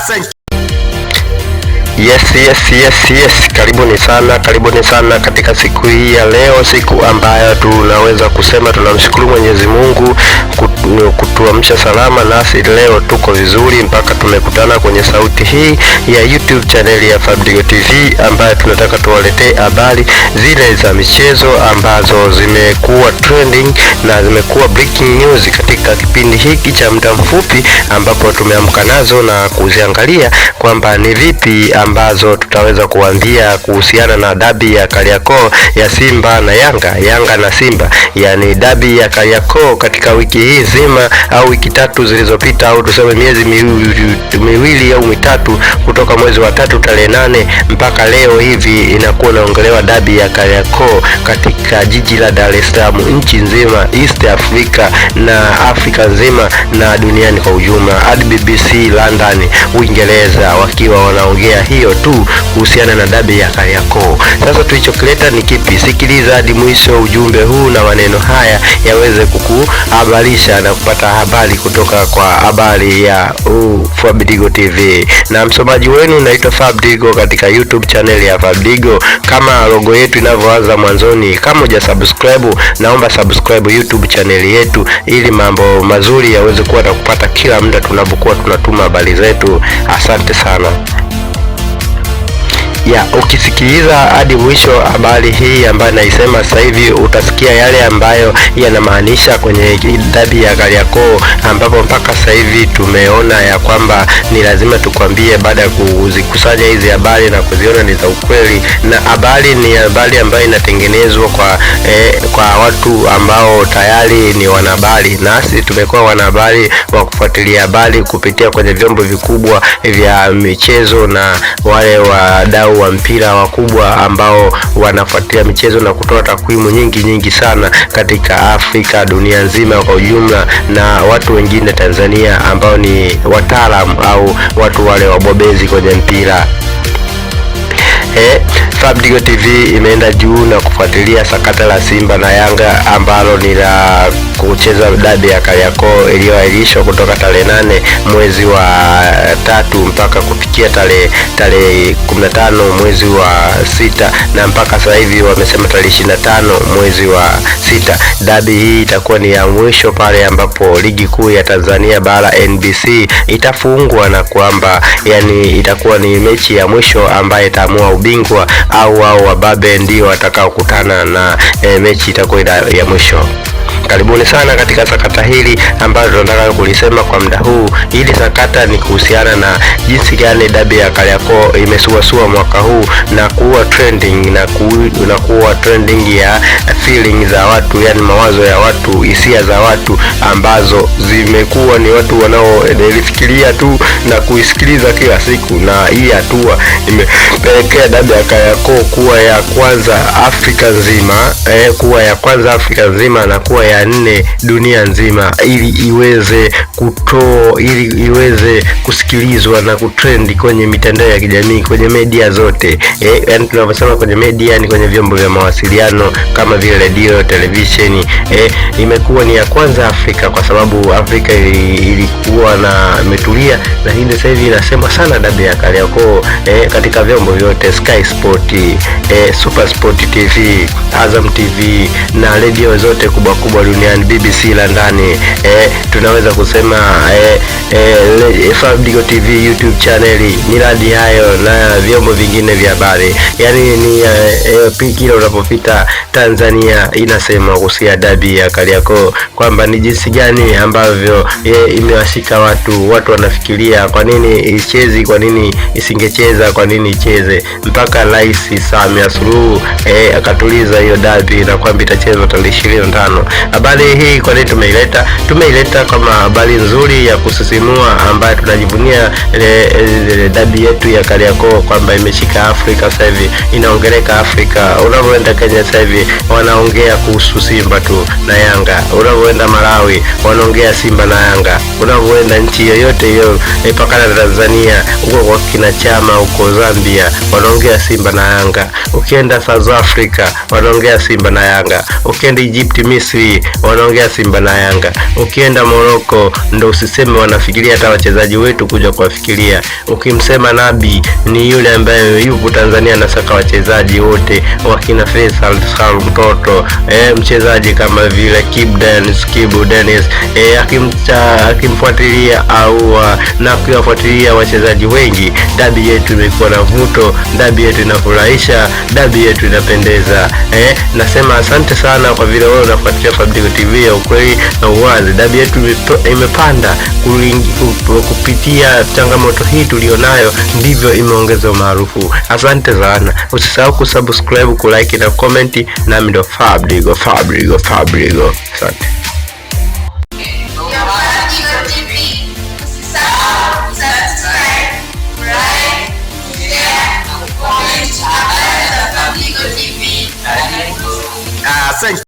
Asante. Yes, yes, yes, yes. Karibuni sana, karibuni sana katika siku hii ya leo, siku ambayo tunaweza kusema tunamshukuru Mwenyezi Mungu kutu, kutu, kutuamsha salama, nasi leo tuko vizuri mpaka tumekutana kwenye sauti hii ya YouTube chaneli ya Fabidigo TV ambayo tunataka tuwaletee habari zile za michezo ambazo zimekuwa trending na zimekuwa breaking news katika kipindi hiki cha muda mfupi, ambapo tumeamka nazo na kuziangalia kwamba ni vipi ambazo tutaweza kuambia kuhusiana na dabi ya Kariakoo ya Simba na Yanga, Yanga na Simba, yani dabi ya Kariakoo katika wiki hii nzima au wiki tatu zilizopita au tuseme miezi miwili, au mitatu kutoka mwezi wa tatu tarehe nane mpaka leo hivi inakuwa inaongelewa dabi ya Kariakoo katika jiji la Dar es Salaam, nchi nzima, East Africa na Afrika nzima na duniani kwa ujumla, hadi BBC London Uingereza wakiwa wanaongea hiyo tu kuhusiana na dabi ya Kariakoo. Sasa tulichokileta ni kipi? Sikiliza hadi mwisho ujumbe huu na maneno haya yaweze kukuhabarisha na kupata habari kutoka kwa habari ya uh, Fabidigo TV na msomaji wenu naitwa Fabidigo katika YouTube channel ya Fabidigo, kama logo yetu inavyoanza mwanzoni. Kama uja subscribe, naomba subscribe YouTube channel yetu, ili mambo mazuri yaweze kuwa na kupata kila muda tunapokuwa tunatuma habari zetu. Asante sana ya ukisikiliza hadi mwisho habari hii ambayo naisema sasa hivi, utasikia yale ambayo yanamaanisha kwenye dabi ya Kariakoo, ambapo mpaka sasa hivi tumeona ya kwamba ni lazima tukwambie, baada ya kuzikusanya hizi habari na kuziona ni za ukweli, na habari ni habari ambayo inatengenezwa kwa eh, kwa watu ambao tayari ni wanahabari, nasi tumekuwa wanahabari wa kufuatilia habari kupitia kwenye vyombo vikubwa vya michezo na wale wadau wadau wa mpira wakubwa ambao wanafuatilia michezo na kutoa takwimu nyingi nyingi sana katika Afrika, dunia nzima kwa ujumla, na watu wengine Tanzania ambao ni wataalam au watu wale wabobezi kwenye mpira. Eh, Fabidigo TV imeenda juu na kufuatilia sakata la Simba na Yanga ambalo ni la kucheza dabi ya Kariakoo iliyoahirishwa kutoka tarehe nane mwezi wa eh, tatu mpaka kufikia tarehe tarehe 15 mwezi wa sita, na mpaka sasa hivi wamesema tarehe tano mwezi wa sita. Dabi hii itakuwa ni ya mwisho pale ambapo ligi kuu ya Tanzania bara NBC itafungwa na kwamba yani itakuwa ni mechi ya mwisho ambaye itaamua ubingwa au wao wababe ndio watakaokutana na e, mechi itakuwa ya mwisho. Karibuni sana katika sakata hili ambalo tunataka kulisema kwa muda huu. Hili sakata ni kuhusiana na jinsi gani dabi ya Kariakoo imesuasua mwaka huu na kuwa trending na, ku, na kuwa trending ya feeling za watu, yani mawazo ya watu, hisia za watu ambazo zimekuwa ni watu wanaolifikiria tu na kuisikiliza kila siku, na hii hatua imepelekea dabi ya Kariakoo kuwa ya kwanza Afrika nzima eh, kuwa ya kwanza Afrika nzima na kuwa ya nne dunia nzima, ili iweze kutoa, ili iweze kusikilizwa na kutrend kwenye mitandao ya kijamii, kwenye media zote eh, yani tunavyosema kwenye media ni kwenye vyombo vya mawasiliano kama vile redio, televisheni eh, imekuwa ni ya kwanza Afrika kwa sababu Afrika ilikuwa na imetulia, lakini sasa hivi inasema sana dabi ya Kariakoo eh, katika vyombo vyote Sky Sport, eh, Super Sport TV, Azam TV na redio zote kubwa kubwa Duniani BBC la ndani Eh, tunaweza kusema eh, eh, Fabidigo TV YouTube channel ni radi hayo na vyombo vingine vya habari, yani ni eh, eh, kila unapopita Tanzania inasema kuhusia dabi ya Kariakoo kwamba ni jinsi gani ambavyo eh, imewashika watu, watu wanafikiria kwa nini ichezi, kwa nini isingecheza, kwa nini icheze mpaka Rais Samia Suluhu eh, akatuliza hiyo dabi na kwamba itachezwa tarehe 25 Habari hii kwa nini tumeileta? Tumeileta kama habari nzuri ya kusisimua ambayo tunajivunia eh, eh, dabi yetu ya Kariakoo kwamba imeshika Afrika sasa hivi, inaongeleka Afrika. Unavyoenda Kenya sasa hivi wanaongea kuhusu Simba tu na Yanga, unavyoenda Malawi wanaongea Simba na Yanga, unavyoenda nchi yoyote hiyo ipakana eh, na Tanzania, huko kwa kina Chama, huko Zambia wanaongea Simba na Yanga, ukienda South Africa wanaongea Simba na Yanga, ukienda Egypt, Misri wanaongea Simba na Yanga. Ukienda Moroko ndo usiseme wanafikiria hata wachezaji wetu kuja kuwafikiria. Ukimsema Nabi ni yule ambaye yupo Tanzania anasaka wachezaji wote wakina Faisal Sal mtoto e, eh, mchezaji kama vile Kibden Kibu Dennis, e, akimcha akimfuatilia au na kuwafuatilia wachezaji wengi. Dabi yetu imekuwa na vuto, dabi yetu inafurahisha, dabi yetu inapendeza. Eh, nasema asante sana kwa vile wewe unafuatilia Mtiko TV ya ukweli na uwazi. Dabi yetu imepanda kupitia changamoto hii tulionayo, ndivyo imeongeza umaarufu. Asante sana, usisahau kusubscribe, kulike na comment. Nami ndo Fabrigo, Fabrigo, Fabrigo, asante.